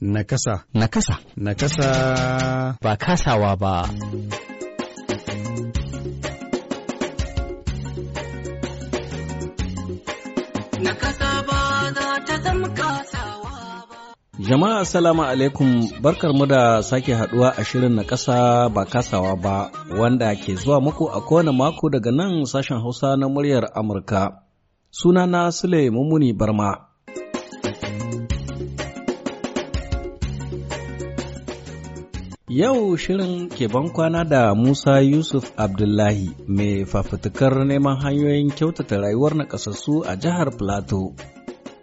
Nakasa. Nakasa. Nakasa. Ba kasawa ba. Nakasa ba za ta zama kasawa ba. Jama'a Assalamu alaikum barkar mu da sake haduwa a shirin na kasa ba kasawa ba wanda ke zuwa muku a kowane mako daga nan sashen Hausa na muryar Amurka. Sunana Sule Mummuni Barma. Yau shirin ke ban kwana da Musa Yusuf Abdullahi mai fafutukar neman hanyoyin kyautata rayuwar nakasassu a jihar Plateau.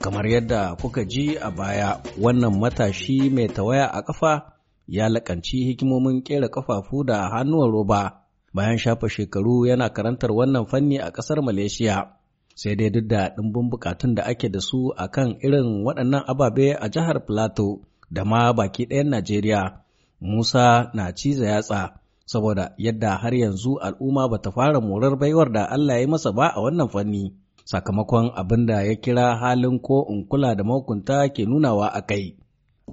Kamar yadda kuka ji a baya, wannan matashi mai tawaya a ƙafa ya laƙanci hikimomin ƙera ƙafafu da hannuwan roba bayan shafa shekaru yana karantar wannan fanni a ƙasar Malaysia. Sai dai duk da ɗumbin buƙatun da ake da su akan irin waɗannan ababe a jihar Plateau da ma baki ɗayan Najeriya. Musa na ciza yatsa saboda yadda har yanzu al'umma ba ta fara morar baiwar da Allah ya masa ba a wannan fanni sakamakon abin da ya kira halin ko in kula da mahukunta ke nunawa a kai.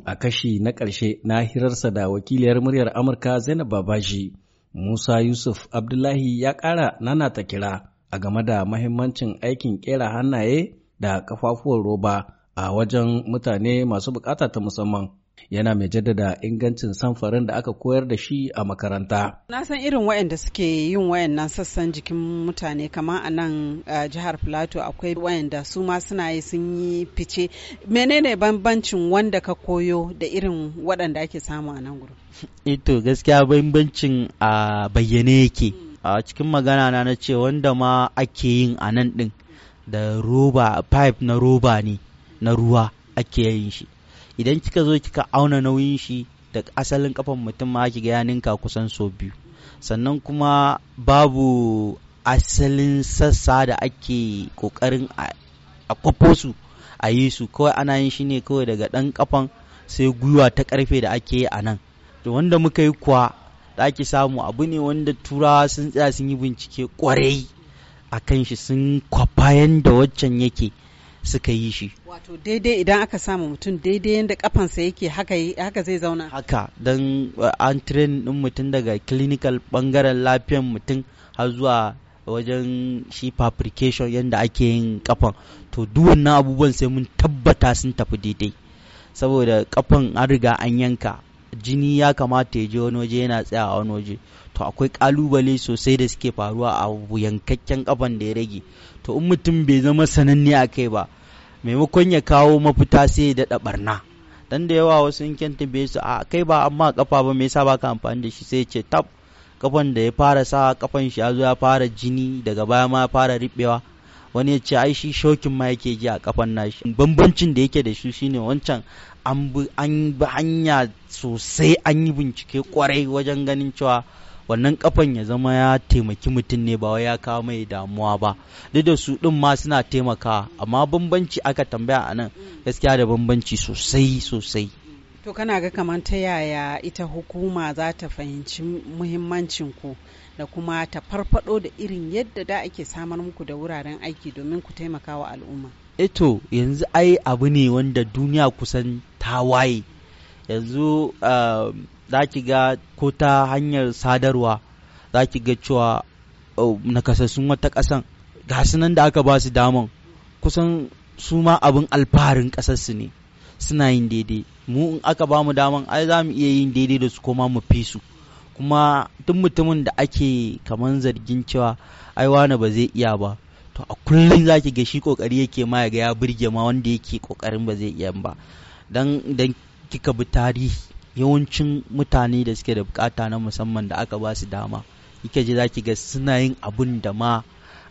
A kashi na ƙarshe na hirarsa da wakiliyar muryar Amurka Zainab Babaji, Musa Yusuf Abdullahi ya ƙara nana ta kira a game da mahimmancin aikin ƙera hannaye da kafafuwar roba a wajen mutane masu bukata ta musamman. yana mai jaddada ingancin samfarin da aka koyar da shi a makaranta. Na san irin wayanda suke yin wayannan sassan jikin mutane kamar a nan jihar Filato akwai wayanda su ma suna yi sun yi fice. Menene bambancin wanda ka koyo da irin waɗanda ake samu a nan gudu? Ito eh gaskiya bambancin a bayyane yake. A cikin magana na na ce wanda ma ake yin a nan ɗin da roba pipe na roba ne na ruwa ake yin shi. idan kika zo kika auna nauyin shi da asalin kafan mutum ma kiga ya ninka kusan sau biyu sannan kuma babu asalin sassa da ake kokarin a kwafo su a yi su kawai ana yin shi ne kawai daga ɗan kafan sai gwiwa ta karfe da ake yi a nan wanda muka yi kuwa da ake samu abu ne wanda turawa sun tsaya sun yi bincike kwarai a kan shi sun kwafa da waccan yake suka yi shi wato daidai idan aka samu mutum daidai yadda kafansa yake haka zai zauna haka don uh, an train din mutum daga clinical bangaren lafiyan mutum har zuwa wajen shi fabrication yadda ake yin kafan to duk wannan abubuwan sai mun tabbata sun tafi daidai saboda kafan an riga an yanka jini ya kamata ya je wani waje yana tsaya a wani waje to akwai kalubale sosai da suke faruwa a yankakken kafan da ya rage to in mutum bai zama sananne a kai ba maimakon ya kawo mafita sai ya daɗa barna dan da yawa wasu in kyan tambaye su a kai ba amma kafa ba me yasa baka amfani da shi sai ce tab kafan da ya fara sa kafan shi ya zo ya fara jini daga baya ma ya fara riɓewa wani ya ce ai shi shokin ma yake ji a kafan nashi bambancin da yake da shi shine wancan an bi hanya sosai an yi bincike kwarai wajen ganin cewa wannan kafan ya zama ya taimaki mutum ne ba wai ya kawo mai damuwa ba duk da su ɗin ma suna taimakawa amma bambanci aka tambaya a nan gaskiya da bambanci sosai sosai To kana ga kamar ta yaya ita hukuma za ta fahimci muhimmancin ku da kuma ta farfado da irin yadda da ake samar muku da wuraren aiki domin ku taimaka wa al'umma. Eto eh yanzu ai abu ne wanda duniya kusan ta waye yanzu ah, za ki ga ko ta hanyar sadarwa za ki ga cewa oh, nakasassun wata kasan ga nan da aka ba su damon kusan su ma abin alfaharin ƙasarsu ne suna yin daidai mu in aka ba mu daman ai za mu iya yin daidai da su koma mu fi su kuma duk mutumin da ake kaman zargin cewa ai wani ba zai iya ba to a kullum zaki ga shi kokari yake ma ga ya burge ma wanda yake kokarin ba zai iya ba dan dan kika bi tarihi yawancin mutane da suke da bukata na musamman da aka ba su dama kike ji zaki ga suna yin abun da ma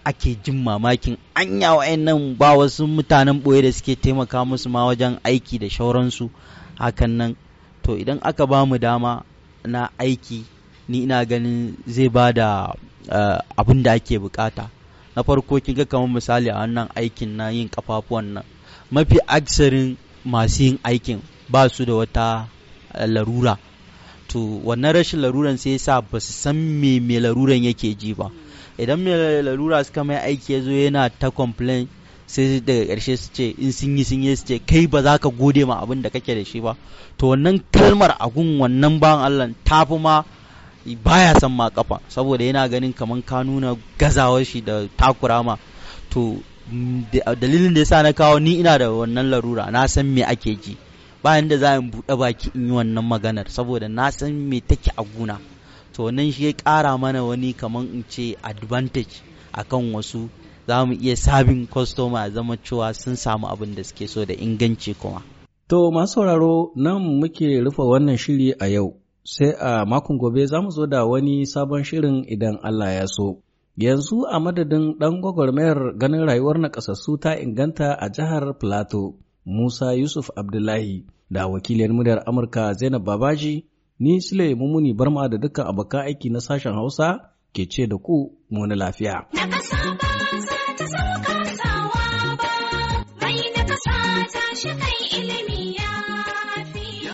ake jin mamakin anya wa'annan ba wasu mutanen ɓoye da suke taimaka musu ma wajen aiki da shauransu hakan nan to idan aka ba mu dama na aiki ni ina ganin zai ba da eh, abin da ake bukata na farko kin ga kamar misali a wannan aikin na yin kafafuwan nan mafi aksarin masu yin aikin ba su da wata eh, larura to wannan rashin laruran sai ya sa ba su san me me laruran yake ji ba idan mai larura suka mai aiki ya zo yana ta complain sai daga ƙarshe su ce in sun yi sun yi su ce kai ba za ka gode ma abin da kake da shi ba to wannan kalmar a gun wannan ban Allah ta fi ma baya san ma kafa saboda yana ganin kamar ka nuna gazawar shi da takura ma to dalilin da yasa na kawo ni ina da wannan larura na san me ake ji bayan da za in buɗe baki in yi wannan maganar saboda na san me take a guna so nan shi ya ƙara mana wani kamar in ce advantage akan wasu za mu iya sabin kwastoma zama cewa sun samu abin da suke so da inganci kuma. To masu sauraro nan muke rufe wannan shiri a yau, sai a makon gobe za mu zo da wani sabon shirin idan Allah ya so. Yanzu a madadin ɗan gwagwarmayar ganin rayuwar nakasassu ta inganta a jihar Plateau, Musa Yusuf Abdullahi da wakilin muryar Amurka Zainab Babaji ni Sule Mumuni Barma da dukkan abokan aiki na sashen Hausa ke ce da ku muna lafiya. ilimi.